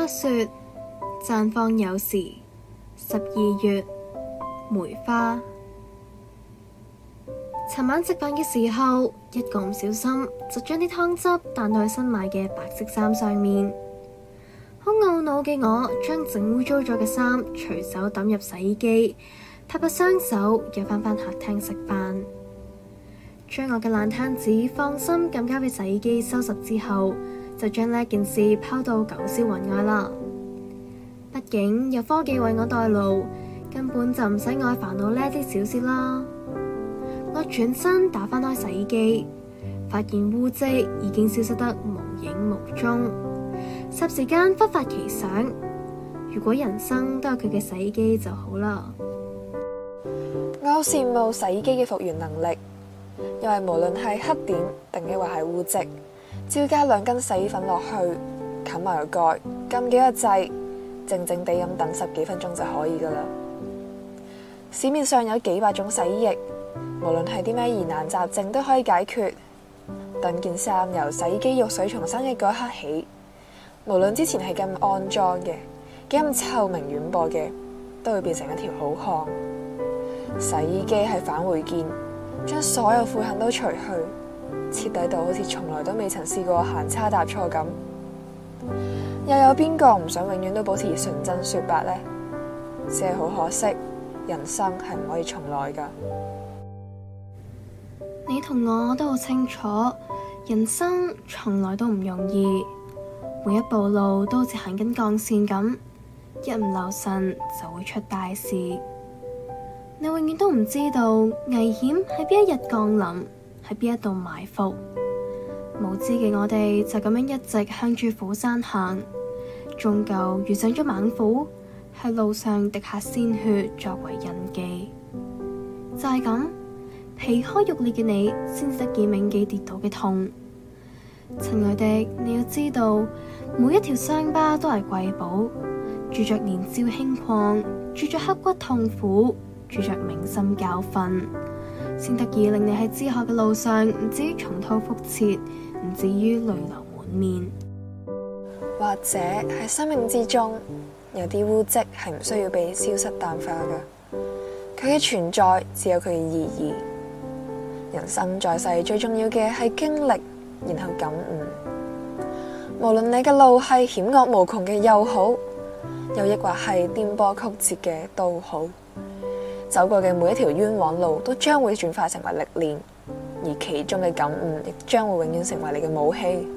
花說：綻放有時，十二月梅花。尋晚食飯嘅時候，一個唔小心就將啲湯汁彈到佢新買嘅白色衫上面。好懊惱嘅我，將整污糟咗嘅衫隨手抌入洗衣機，拍拍雙手又翻返客廳食飯，將我嘅爛攤子放心咁交俾洗衣機收拾之後。就將呢件事拋到九霄雲外啦。畢竟有科技為我代勞，根本就唔使我煩惱呢啲小事啦。我轉身打翻開洗衣機，發現污漬已經消失得無影無蹤。霎時間忽發奇想：如果人生都有佢嘅洗衣機就好啦。我好羨慕洗衣機嘅復原能力，因為無論係黑點定抑或係污漬。再加只要加兩斤洗衣粉落去，冚埋個蓋，撳幾個掣，靜靜地咁等十幾分鐘就可以噶啦。市面上有幾百種洗衣液，無論係啲咩疑難雜症都可以解決。等件衫由洗衣機浴水重生嘅嗰一刻起，無論之前係咁骯髒嘅，幾咁臭名遠播嘅，都會變成一條好漢。洗衣機係返回鍵，將所有悔恨都除去。徹底到好似從來都未曾試過行差踏錯咁，又有邊個唔想永遠都保持純真雪白呢？只係好可惜，人生係唔可以重來噶。你同我都好清楚，人生從來都唔容易，每一步路都好似行緊鋼線咁，一唔留神就會出大事。你永遠都唔知道危險喺邊一日降臨。喺邊一度埋伏，無知嘅我哋就咁樣一直向住虎山行，終究遇上咗猛虎，喺路上滴下鮮血作為印記。就係咁，皮開肉裂嘅你先得見銘記跌倒嘅痛。親愛的，你要知道，每一條傷疤都係瑰寶，住着年少輕狂，住着刻骨痛苦，住着銘心教訓。先得以令你喺之後嘅路上唔至於重蹈覆轍，唔至於淚流滿面。或者喺生命之中有啲污漬係唔需要被消失淡化噶，佢嘅存在只有佢嘅意義。人生在世最重要嘅係經歷，然後感悟。無論你嘅路係險惡無窮嘅又好，又抑或係顛簸曲折嘅都好。走過嘅每一條冤枉路，都將會轉化成為歷練，而其中嘅感悟，亦將會永遠成為你嘅武器。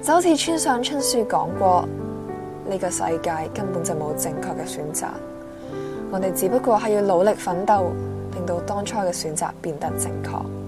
就好似村上春樹講過，呢個世界根本就冇正確嘅選擇，我哋只不過係要努力奮鬥，令到當初嘅選擇變得正確。